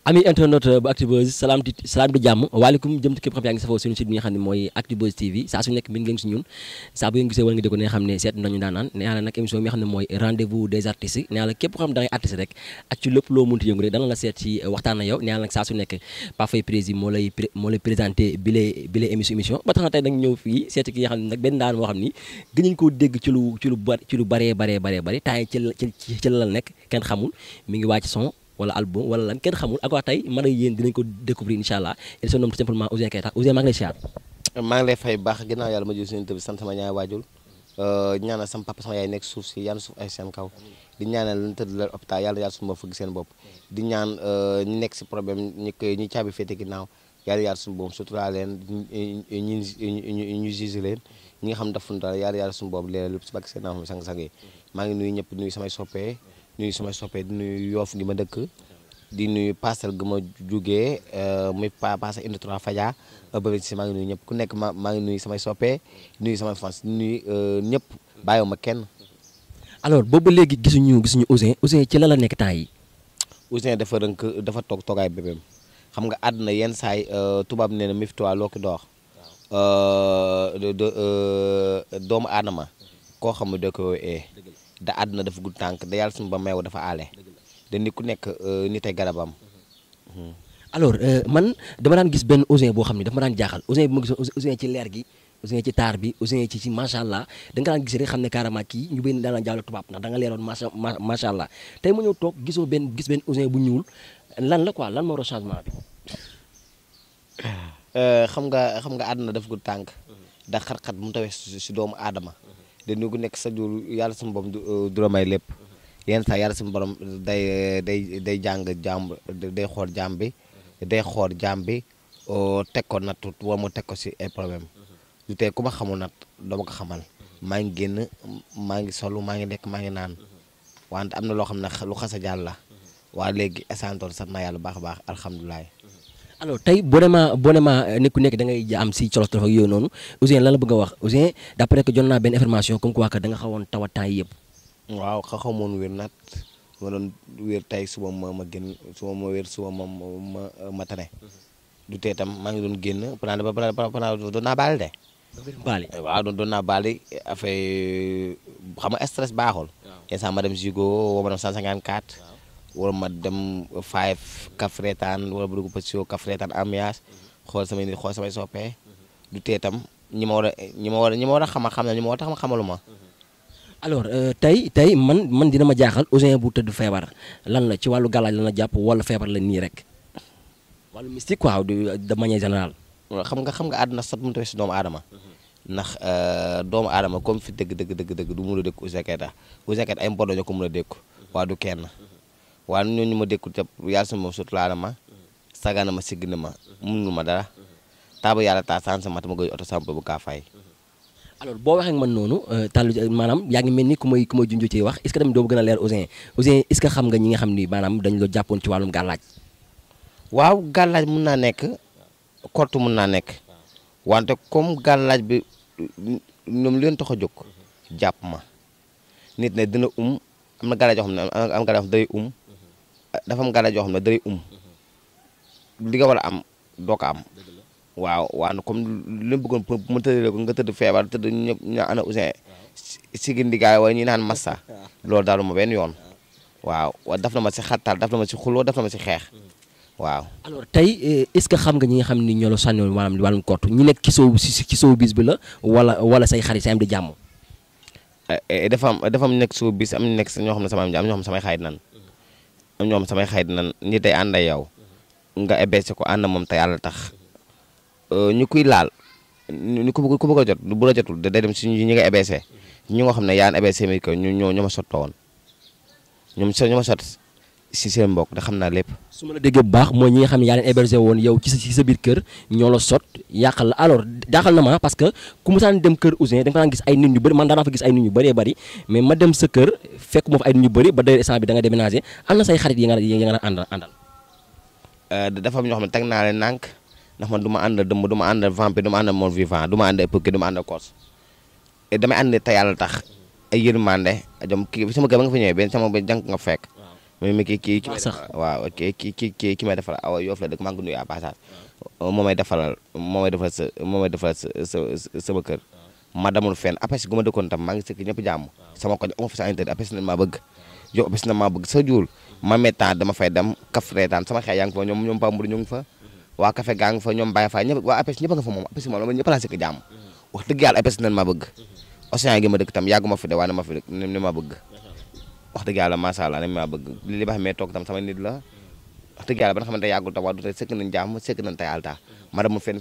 ami internet bu Actubuzz salaam di salaam di jàmm waaleykum jëm ci képp xam yaa ngi safoo suñu site bi nga xam ne mooy Actubuzz TV saa su nekk min la nag émission saa su nekk Pape Faye moo lay présenté bile bile émission émission ba tax na tey nag ñëw fii seet ki nga xam ne nag benn daan moo xam ni gënañ koo dégg ci lu ci lu bari ci lu baree baree ci ci ci la nekk kenn xamul mi ngi wàcc son wala album wala lan kenn xamul ak waa tey man ak yéen dinañ ko découvrir incha allah maa ngi lay fay baax ginnaaw yàlla ma jël seen tëb sant sama ñaari waajur euh, ñaanal sama papa sama yaay nekk suuf si yàlla suuf ay seen kaw di di ñaan euh, ñu nekk si problème ñi koy ñi caabi féete ginnaaw yàlla yàlla suñu boobu sutura leen ñu ñu juge leen ñi nga xam dafuñu dara yàlla yàlla suñu boobu leeral lépp si bàkk seen naam sang sang yi maa ngi nuyu ñëpp nuyu samay soppee nuyu sama soppee di nuyu yoof gi ma dëkk di nuyu parcelle gu ma jugee euh, muy pa parcelle indi trois faja ba ci maa ngi nuyu ñëpp ku nekk ma maa ngi nuyu samay soppee nuyu samay fans nuyu euh, ñëpp bàyyiwuma kenn. alors boobu léegi gisuñu gisuñu Ouzin Ouzin ci la la nekk temps yi. Ouzin dafa rënk dafa toog toogaay bébéem xam nga àdduna yenn saay euh, tubaab nee na miftuwaa loo ki doox doomu aadama koo xam ne da ko ee da àdduna dafa gudd tànk da yàlla suñu ba meew dafa aale da nit ku nekk euh, nit ay garabam. Hmm. alors euh, man dama daan gis benn Ouzin boo xam ne dama daan jaaxal Ouzin bi ma gis Ouzin ci leer gi Ouzin ci taar bi Ouzin ci ci macha allah da nga daan gis xam ne carrément kii ñu benn daan jaaxle tubaab ndax da nga leeroon macha macha allah tey gisoo benn gis benn Ouzin bu ñuul lan la ko lan moo doon changement bi. Euh, xam nga xam nga àdduna dafa gudd tànk. da xar-xar mu tawee si doomu aadama. dañu ko nekk sa jur yàlla suñu borom euh, du la may lépp yenn saa yàlla suñu borom day day day jàng jàmb day xool jàmbi bi day xool jàmm bi euh, teg ko natt wala mu teg si ay problème du tey ku ma xamul nat dama ko xamal maa ngi génn maa ngi solu maa ngi lekk maa ngi naan wante am na loo xam ne lu xasa jàll la waa léegi esantoon sax naa yàlla baax a baax alhamdulilah alors tey boo demee boo demee euh, nit ku nekk dangay ngay am si colos ak yooyu noonu Ouzin lan la bëgg a wax Ouzin d'après que jot naa benn information comme quoi que da nga xawoon taw a temps yii yëpp. waaw xa xamoon wér naat ma doon wér tey suba ma ma génn suba ma wér suba ma ma ma tane. du tee tam maa ngi doon génn pendant ba pendant doon naa baale de. baale waaw doon doon naa baale affaire xam nga stress baaxul. waaw ma dem Zigo woo ma wala ma dem five Kafretaan wala bu dugg Pacifico Kafretaan ambiance xool samay nit xool samay du tee tam ñi ma war a ñi ma war a ñi ma war a xama xam na ñi ma war a xamalu ma alors euh, tey tey man man dina ma jaaxal Ouzin bu tëdd feebar lan la ci wàllu galaaj la jàpp wala feebar la nii rek wàllu mystique quoi de manière générale. xam nga xam nga àdduna sot mu tawee si doomu aadama. ndax euh, doomu aadama comme fi dëgg dëgg dëgg dëgg du mun a dëkk Ouzin Keita Ouzin Keita ay mbooloo ñoo ko mun a dëkk waa du kenn. waaye ñooñu ma dékkul te yàlla su ma suturaale ma sagana ma sigg na ma mënul ma dara taaba yàlla taa sans sama ma koy oto sampo bu kaa alors boo waxee man noonu euh, tàllu euh, maanaam yaa ngi mel ni ku may ku may junj ci wax est-ce que tamit doo gën a leer Ouzin xam nga ñi nga xam ni maanaam dañu la jàppoon waaw gàllaaj mun naa nekk kort mun naa nekk wante comme gàllaaj bi ñoom leen tox a jóg jàpp ma nit ne dina um am na gàllaaj yoo xam ne am gàllaaj day um dafa am gàllaaj yoo xam ne day um li nga war a am doo ko am waaw waaw comme li mu bëggoon mu tëddee nga tëdd feebar tëdd ñëpp ñu ana Ouzin sigi ndigaay wala ñu naan massa loolu daal ma benn yoon waaw wa daf na ma si xattal daf na ma si xuloo daf na ma si xeex mm. waaw alors tey eh, est-ce que xam nga ñi nga xam ni ñoo la sànniwoon maanaam wàllum kort ñi nekk ci soo ci soo bis bi la wala wala say xarit say am eh, eh, dafa am dafa nekk soo bis am nekk ñoo xam ne sama am ñoo xam ne samay xarit nan ñoom samay xarit nan nit day ànd ak yow nga ebesi ko ànd moom te a tax euh, ñu kuy laal ñu ku bëgg ku bëgg a jot bu la jotul day dem si ñi nga ebesee ñu nga xam ne yaan ebesee mi ko ñu ñoo ñoo ma sottoo woon ñoom sot si seen mbokk da xam naa lépp. su ma la déggee baax mooy ñi nga xam ne yaa leen hébergé woon yow ci sa ci sa biir kër ñoo la sot yàqal la alors jaaxal na ma parce que ku mu dem kër Ouzin da nga daan gis ay nit ñu bëri man daanaa fa gis ay nit ñu bëree bëri mais ma sa kër ay ñu bëri ba d'ailleurs bi da nga déménagé am na say xarit yi nga yi nga àndal àndal. Euh, dafa am ñoo xam teg naa leen nànk ndax man du ma àndal dëmm du ma àndal vampire du ma àndal mort vivant du ma àndal époque du ma àndal damay ànd te yàlla tax ay yërmande jom kii sama kër ba nga fa ñëwee benn sama ba jànk nga fekk mais mais kii kii waaw kii kii kii ki may defal awa yoof la dëkk maa ngi nuyu à passage moo may ma damul fenn apes gu ma dëkkoon ma mettaan dama fay dem kaf reetaan sama xeey yaa ngi fa ñoom ñoom Pambur ngi fa waa Café gaa ngi fa ñoom Baye Fall ñëpp waa apes ñëpp a nga fa la ñëpp laa sëkk jàmm wax maa bëgg océan gi ma dëkk tam yàggu ma fi de waaye na ma fi ni ma bëgg wax dëgg yàlla macha allah maa bëgg li ba xamee toog tam sama nit la wax dëgg yàlla ba nga xamante yàggul tam wax du tey sëkk nañ jàmm sëkk nañ tey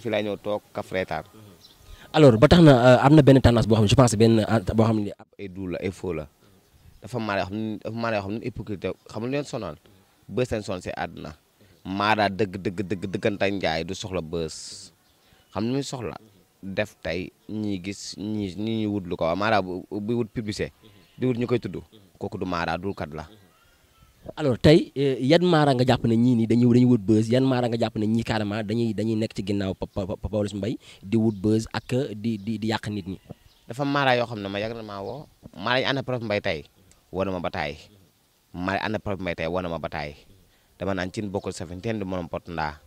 fii laa ñëw toog kaf reetaan alors ba tax na euh, am na benn tendance boo xam ne je pense benn euh, boo xam ne ab ay duul la ay faux la dafa maa yoo xam ne dafa maa yoo xam ne hypocrite xam lu leen sonal bës seen son dëgg dëgg dëgg dëggantaay njaay du soxla bës xam lu muy soxla def tey ñii gis ñii ñii ñuy wut lu ko waaw maanaam bu wut publicité di wut ñu koy tudd kooku du maara dul kat la. alors tey eh, yan maara nga jàpp na ñii nii dañuy dañuy wut buzz yan maara nga jàpp ne ñii carrément dañuy dañuy nekk ci ginnaaw Pawlish Mbaye di wut buzz ak eh, di di di yàq nit ñi. dafa maara yoo xam ne ma yàgg na maa woo maara yi ànd Pawlish Mbaye tey woo na ma ba taay maara yi ànd Pawlish Mbaye tey woo na ma ba taay dama naan cin bokkul safin teen du mën a pot ndaa